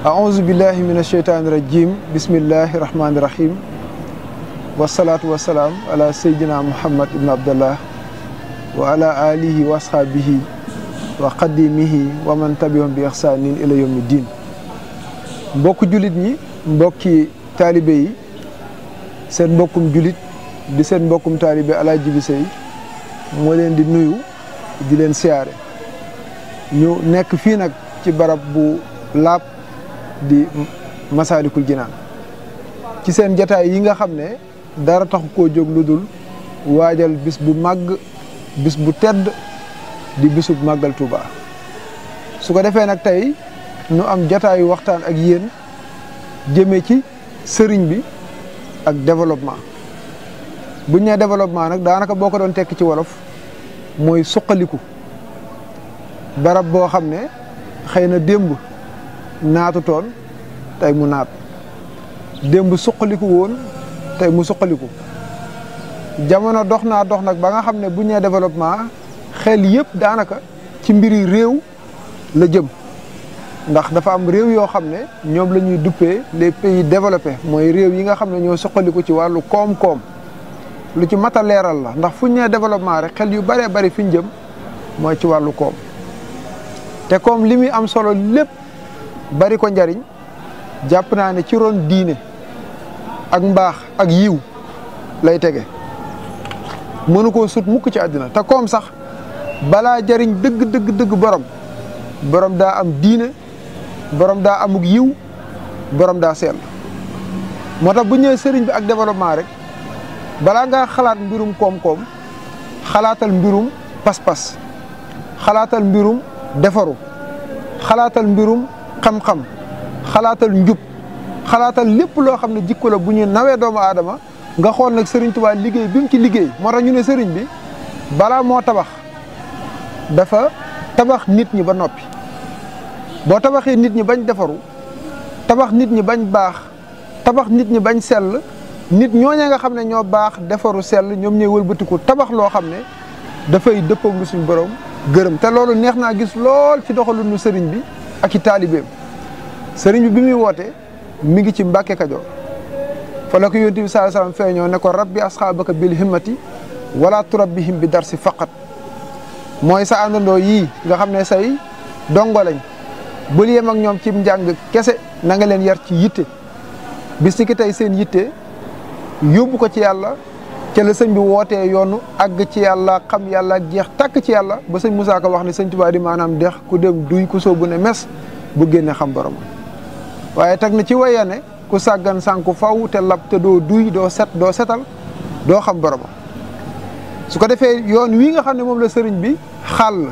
aouzu billahi min asheytaani rajim bismillahi rahmaani rahim wasalaatu ala seydina muhammad ibn abdallah wa ala alihi wa ashaabihi wa qadimihi wa man tabi'ahum bi ihsaanin ila yawmi diin mbokki jullit ñi mbokki taalibe yi mbokkum jullit di seen mbokkum taalibe Alaaji Jibi Sey moo leen di nuyu di leen siyaare nekk fii nag ci barab bu laab di masalikul jinan ci sen jotaay yi nga xamne dara tax ko jog ludul wajal bis bu mag bis bu tedd di bisub magal tuba su ko defé nak tay nu am jotaay waxtaan ak yeen jeme ci bi ak développement bu ñe développement nak daanaka boo ko doon tekk ci wolof moy suqaliku barab bo xamne xeyna dembu naatu toon tey mu naat démb suqaliku woon tey mu suqaliku jamono dox naa dox nag ba nga xam ne bu ñee développement xel yëpp daanaka ci mbiri réew la jëm ndax dafa am réew yoo xam ne ñoom la ñuy duppee les pays développés mooy réew yi nga xam ne ñoo suqaliku ci wàllu koom-koom lu ci mat a leeral la ndax fu ñu développement rek xel yu bëree bëri fi ñu jëm mooy ci wàllu koom te koom li muy am solo lépp bari ko njariñ jàpp naa ne ci roon diine ak mbaax ak yiw lay tege mënu koo sut mukk ci àddina te koom sax balaa jariñ dëgg dëgg dëgg borom borom daa am diine borom daa amuk yiw borom daa sell moo tax bu ñëwee sëriñ bi ak développement rek balaa ngaa xalaat mbirum koom-koom xalaatal mbirum pas-pas xalaatal mbirum defaru xalaatal mbirum xam-xam xalaatal njub xalaatal lépp loo xam ne jikko la bu ñuy nawee doomu aadama nga xool nag Serigne Touba liggéey bi mu ci liggéey moo tax ñu ne Serigne bi balaa moo tabax dafa tabax nit ñi ba noppi boo tabaxee nit ñi bañ defaru tabax nit ñi bañ baax tabax nit ñi bañ sell nit ñooñee nga xam ne ñoo baax defaru sell ñoom ñooy wëlbatiku tabax loo xam ne dafay dëppoog lu suñ borom gërëm te loolu neex naa gis lool ci doxalinu sëriñ bi ak i taalibeem sëriñ bi bi muy woote mu ngi ci Mbàkke Kajoor fa la ko yonent bi sallallahu alayhi wasallam feeñoo ne ko rabbi asxaabaka bil himmati wala turabbihim bi darsi faqat mooy sa àndandoo yii nga xam ne say dongo lañ bul yem ñoom ci njàng kese na leen yar ci yitte bis ci seen yitte yóbbu ko ci yàlla ce la sëñ bi wootee yoonu àgg ci yàlla xam yàlla ak jeex tàkk ci yàlla ba sëñ Moussa ko wax ne sëñ Tuubaa di maanaam dex ku dem duy ku sóobu ne mes bu génne xam borom waaye teg na ci wayane ne ku sàggan sànk faw te lab te doo duy doo set doo setal doo xam borom su ko defee yoon wi nga xam ne moom la sëriñ bi xàll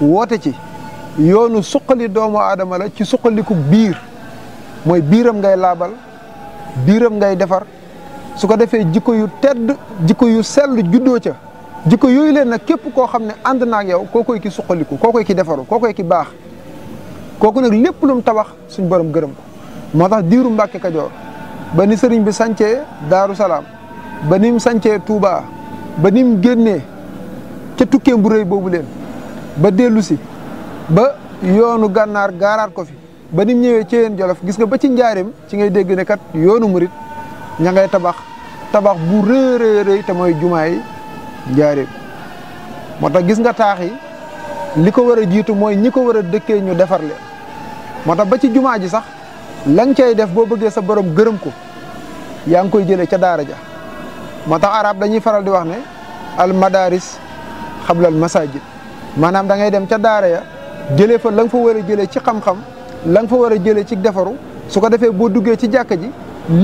woote ci yoonu suqali doomu aadama la ci suqaliku biir mooy biiram ngay laabal biiram ngay defar su ko defee jikko yu tedd jikko yu sell juddoo ca jikko yooyu leen nag képp koo xam ne ànd na ak yow koo koy ki suqaliku koo koy ki defaru koo koy ki baax kooku nag lépp lum tabax suñ borom gërëm ko moo tax diiru Mbàkke Kajoor ba ni sëriñ bi sancee Daaru Salaam ba ni mu sancee Touba ba ni mu génnee ca tukkeem bu rëy boobu leen ba dellu si ba yoonu gànnaar gaaraat ko fi ba ni ñëwee ci yéen Jolof gis nga ba ci njaarim ci ngay dégg ne kat yoonu murit ña ngay tabax tabax bu rëy rëy te jumaay njaareem moo tax gis nga taax yi li ko war a jiitu mooy ñi ko war a dëkkee ñu defar leen moo tax ba ci jumaa ji sax lañ cay def boo bëggee sa borom gërëm ko yaa ngi koy jëlee ca daara ja moo tax arab dañuy faral di wax ne al madaris xablal masajid maanaam da ngay dem ca daara ya jëlee fa la nga fa war a jëlee ci xam-xam la fa war a jëlee ci defaru su ko defee boo duggee ci jàkka ji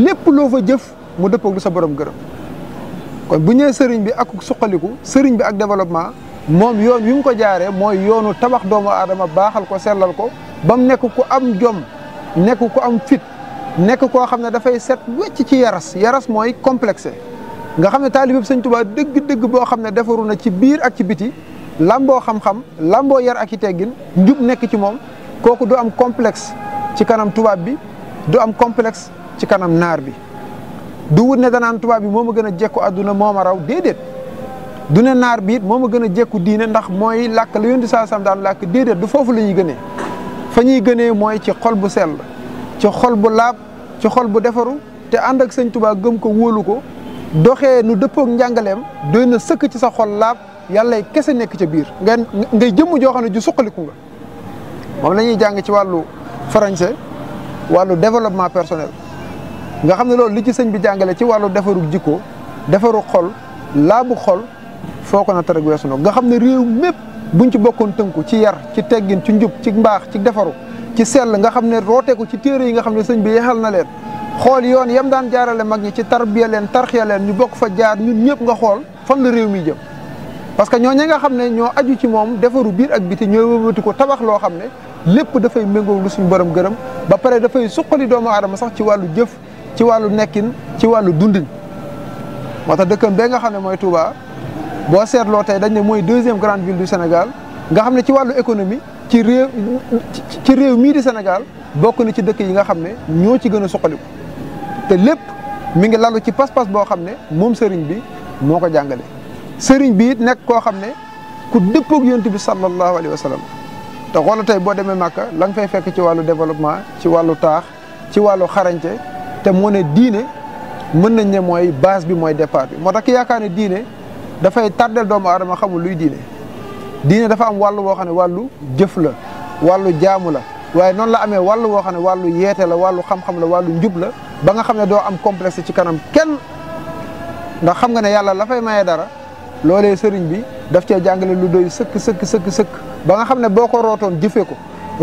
lépp loo fa jëf mu dëppoog lu sa borom gërëm kon bu ñëwee sëriñ bi ak suqaliku sëriñ bi ak développement moom yoon wi mu ko jaaree mooy yoonu tabax doomu aadama baaxal ko sellal ko ba mu nekk ku am jom nekk ku am fit nekk koo xam ne dafay set wecc ci yaras yaras mooy complexe nga xam ne taalibe bi sëñ Tuubaa dëgg-dëgg boo xam ne defaru na ci biir ak ci biti làmboo xam-xam lamboo yar ak i teggin njub nekk ci moom kooku du am complexe ci kanam tubaab bi du am complexe ci kanam naar bi du wut ne danaan tubaab bi moom ma gën a jekku àdduna moom a raw déedéet du ne naar biit it moo ma gën a jekku diine ndax mooy làkk la yonent saa sam daan làkk déedéet du foofu la ñuy gënee fa ñuy gënee mooy ci xol bu sell ci xol bu laab ci xol bu defaru te ànd ak sëñ tubaab gëm ko wóolu ko doxee nu dëppook njàngaleem doy na sëkk ci sa xol laab yàllay kese nekk ca biir nga ngay jëmm joo xam ne ju suqaliku nga moom la ñuy jàng ci wàllu français wàllu développement personnel nga xam ne loolu li ci sëñ bi jàngale ci wàllu defaru jikko defaru xol laabu xol foo ko na tarag weesu na nga xam ne réew mépp bu buñ ci bokkoon tënku ci yar ci teggin ci njub ci mbaax ci defaru ci sell nga xam ne ko ci téere yi nga xam ne sëñ bi yeexal na leen xool yoon yam daan jaarale mag ñi ci tarbiya leen tarxiya leen ñu bokk fa jaar ñun ñëpp nga xool fan la réew mi jëm parce que ñoo ñooñu nga xam ne ñoo aju ci moom defaru biir ak biti ñooy wëlbati ko tabax loo xam ne lépp dafay méngoo suñu borom gërëm ba pare dafay suqali doomu aadama sax ci wàllu jëf ci wàllu nekkin ci wàllu dundin moo tax dëkkam bee nga xam ne mooy Touba boo seetloo tey dañ ne mooy deuxième grande ville du Sénégal nga xam ne ci wàllu économie ci réew réew mii di Sénégal bokk na ci dëkk yi nga xam ne ñoo ci gën a suqaliku te lépp mu ngi lalu ci pas-pas boo xam ne moom sëriñ bi moo ko jàngale sëriñ bi nekk koo xam ne ku dëppoog yonent bi sallallahu alayhi wa sallam te xoolal tey boo demee Màkka la nga fay fekk ci wàllu développement ci wàllu taax ci wàllu xarañte te moo ne diine mën nañ ne mooy base bi mooy départ bi moo tax ki yaakaar ne diine dafay tardel doomu aadama xamul luy diine diine dafa am wàllu woo xam ne wàllu jëf la wàllu jaamu la waaye noonu la amee wàllu woo xam ne wàllu yeete la wàllu xam-xam la wàllu njub la ba nga xam ne doo am complexe ci kanam kenn ndax xam nga ne yàlla la fay maye dara loolee sëriñ bi daf cee jàngale lu doy sëkk sëkk sëkk sëkk ba nga xam ne boo ko rootoon jëfee ko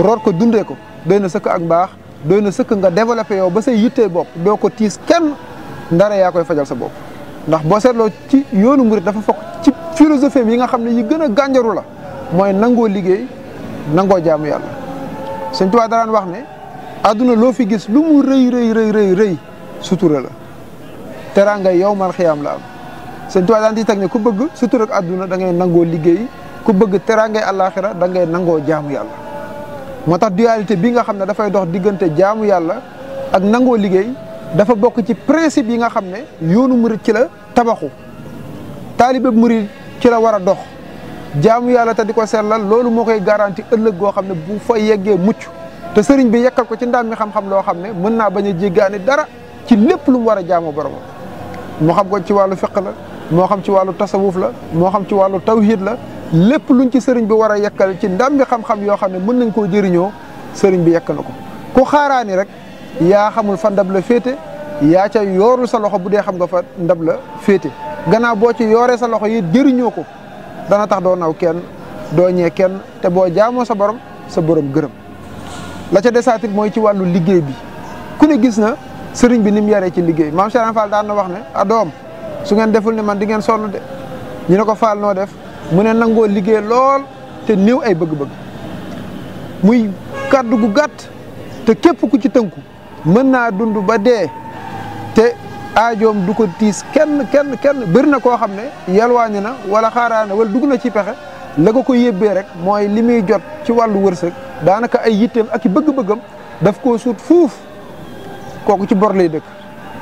root ko dundee ko doy sëkk ak mbaax doy na sëkk nga développé yow ba say yittee bopp doo ko tiis kenn ndara yaa koy fajal sa bopp ndax boo seetloo ci yoonu murit dafa fokk ci philosophie yi nga xam ne yi gën a gànjaru la mooy nangoo liggéey nangoo jaamu yàlla Sëñ Tuubaa daraan wax ne àdduna loo fi gis lu mu rëy rëy rëy rëy rëy la teraanga yow mal xiyaam la am Sëñ Tuubaa daan di teg ne ku bëgg sutura ak àdduna da ngay nangoo liggéey ku bëgg teraangay àllaaxira da ngay nangoo jaamu yàlla moo tax dualité bi nga xam ne dafay dox diggante jaamu yàlla ak nangoo liggéey dafa bokk ci principe yi nga xam ne yoonu murit ci la tabaxu taalibe murit ci la war a dox jaamu yàlla te di ko seet sellal loolu moo koy garanti ëllëg goo xam ne bu fa yeggee mucc te sëriñ bi yekkal ko ci ndaam mi xam-xam loo xam ne mën naa bañ a jéggaani dara ci lépp lu mu war a jaamu borom moo xam ko ci wàllu fiq la moo xam ci wàllu tasawuf la moo xam ci wàllu tawhid la lépp luñ ci sëriñ bi war a yekkal ci ndam bi xam-xam yoo xam ne mën nañ koo jëriñoo sëriñ bi yekk na ko ku xaaraani rek yaa xamul fa ndab la féete yaa ca yoorul sa loxo bu dee xam nga fa ndab la féete gannaaw boo ci yooree sa loxo yi jëriñoo ko dana tax doo naw kenn doo ñee kenn te boo jaamoo sa borom sa borom gërëm la ca desaatit mooy ci wàllu liggéey bi ku ne gis na sëriñ bi ni mu yaree ci liggéey maam Cheikh Fall daan na wax ne a doom su ngeen deful ni man di ngeen sonn ñu ne ko Fall noo def mu ne nangoo liggéey lool te néew ay bëgg-bëgg muy kàddu gu gàtt te képp ku ci tënku mën naa dund ba dee te aajoom du ko tiis kenn kenn kenn bëri na koo xam ne yalwaani na wala xaaraana wala dugg na ci pexe la ko ko yébbee rek mooy li muy jot ci wàllu wërsëg daanaka ay yitteem ak i bëgg-bëggam daf koo suut fuuf kooku ci bor lay dëkk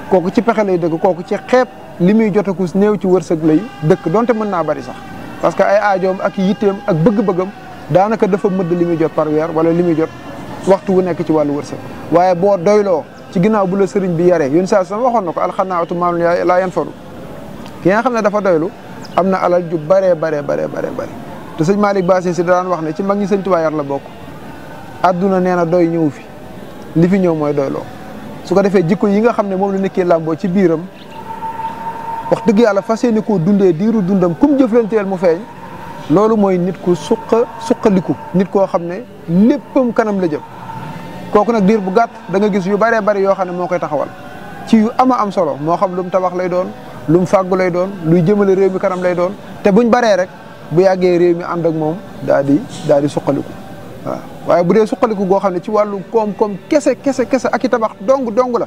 kooku ci pexe lay dëkk kooku ci xeeb li muy jotakus néew ci wërsëg lay dëkk donte mën naa bari sax parce que ay aajoom ak yitteem ak bëgg-bëggam daanaka dafa mëdd li muy jot par weer wala li muy jot waxtu wu nekk ci wàllu wërsëg waaye boo doyloo ci ginnaaw bu la sëriñ bi yaree yoon saa sa waxoon na ko alxanaatu maamul laa yan faru ki nga xam ne dafa doylu am na alal ju baree baree baree baree bare te sëñ Malick Bassine si daan wax ne ci mag ñi sëñ Tuubaa yar la bokk àdduna nee na doy ñëw fi li fi ñëw mooy doyloo su ko defee jikko yi nga xam ne moom la nekkee làmboo ci biiram wax dëgg yàlla fas yéene koo dundee diiru dundam kum jëflanteel mu feeñ loolu mooy nit ku suqa suqaliku nit koo xam ne léppam kanam la jëm kooku nag diir bu gàtt da nga gis yu bëree bëri yoo xam ne moo koy taxawal ci yu ama am solo moo xam lu mu tabax lay doon lu mu fàggu lay doon luy jëmale réew mi kanam lay doon te buñ bare rek bu yàggee réew mi ànd ak moom daal di daal di suqaliku waaye bu dee suqaliku goo xam ne ci wàllu koom-koom kese kese kese ak i tabax dong dong la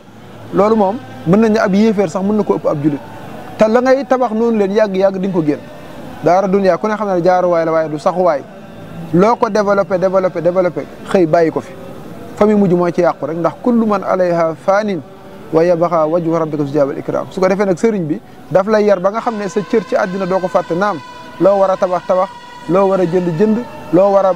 loolu moom mën nañu ab yéeféer sax mën na ko ëpp ab julit te la ngay tabax noonu leen yàgg-yàgg di ko ko daar daara duniyaa ku ne xam ne jaaruwaay la waaye du saxuwaay loo ko développé développé développé xëy bàyyi ko fi fa mu mujj mooy ci yàqu rek ndax kullu man alayha faanin wa yabqa wajhu rabbika zu jaabal ikram su ko defee nag sëriñ bi daf lay yar ba nga xam ne sa cër ci àddina doo ko fàtte naam loo war a tabax tabax loo war a jënd jënd loo war a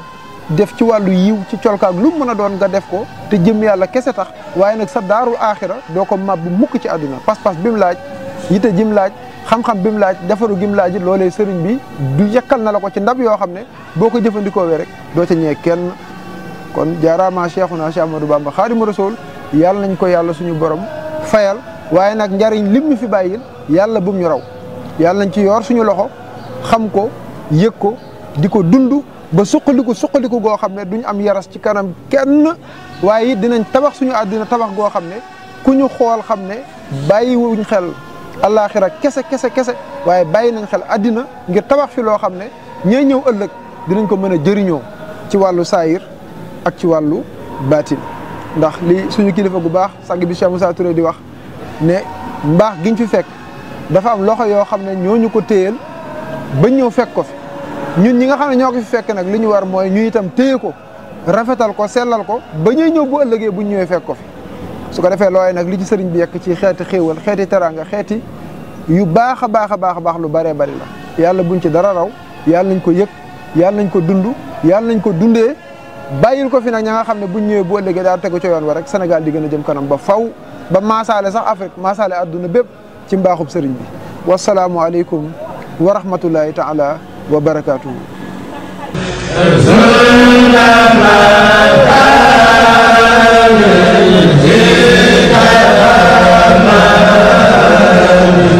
def ci wàllu yiw ci colkaak lu mu mën a doon ga def ko te jëm yàlla kese tax waaye nag sa daaru aaxira doo ko màbb mukk ci àdduna pas-pas bi mu laaj yite jim laaj xam-xam bi mu laaj defaru gim laaj it loolee sëriñ bi du yekkal na la ko ci ndab yoo xam ne boo ko jëfandikoo wee rek doo ci ñee kenn kon jaaraama Cheikhuna Cheikh Ahmadou Bamba Xaadimu Rasuul yàlla nañ ko yàlla suñu borom fayal waaye nag njariñ lim ñu fi bàyyil yàlla bum ñu raw yàlla nañ ci yoor suñu loxo xam ko yëg ko di ko dund ba suqaliku suqaliku goo xam ne duñ am yaras ci kanam kenn waaye it dinañ tabax suñu àddina tabax goo xam ne ku ñu xool xam ne bàyyiwuñ xel allaaxira kese kese kese waaye bàyyi nañ xel àddina ngir tabax fi loo xam ne ñay ñëw ëllëg dinañ ko mën a jëriñoo ci wàllu saayir ak ci wàllu baatin ndax li suñu kilifa gu baax sang bi Cheikh Moussa Touré di wax ne mbaax giñ fi fekk dafa am loxo yoo xam ne ñoo ñu ko téyeel ba ñëw fekk ko fi ñun ñi nga xam ne ñoo ko fi fekk nag li ñu war mooy ñu itam téye ko rafetal ko sellal ko ba ñuy ñëw bu ëllëgee bu ñu ñëwee fekk ko fi su ko defee looy nag li ci serigne bi yekk ci xéti xéewal xéti teraanga xéti yu baaxa baaxa baax baax lu bare bare la yàlla buñ ci dara raw yàlla nañ ko yek yàlla nañ ko dundu yàlla nañ ko dundé bayil ko fi nak ñinga xamné buñ ñëwé bu ëllëgee da tegu ci yoon wa rek Sénégal di gëna jëm kanam ba faw ba maasaale sax Afrique maasaale aduna bépp ci mbaaxub serigne bi alaykum wa rahmatullahi taala wa barakatuh Amen.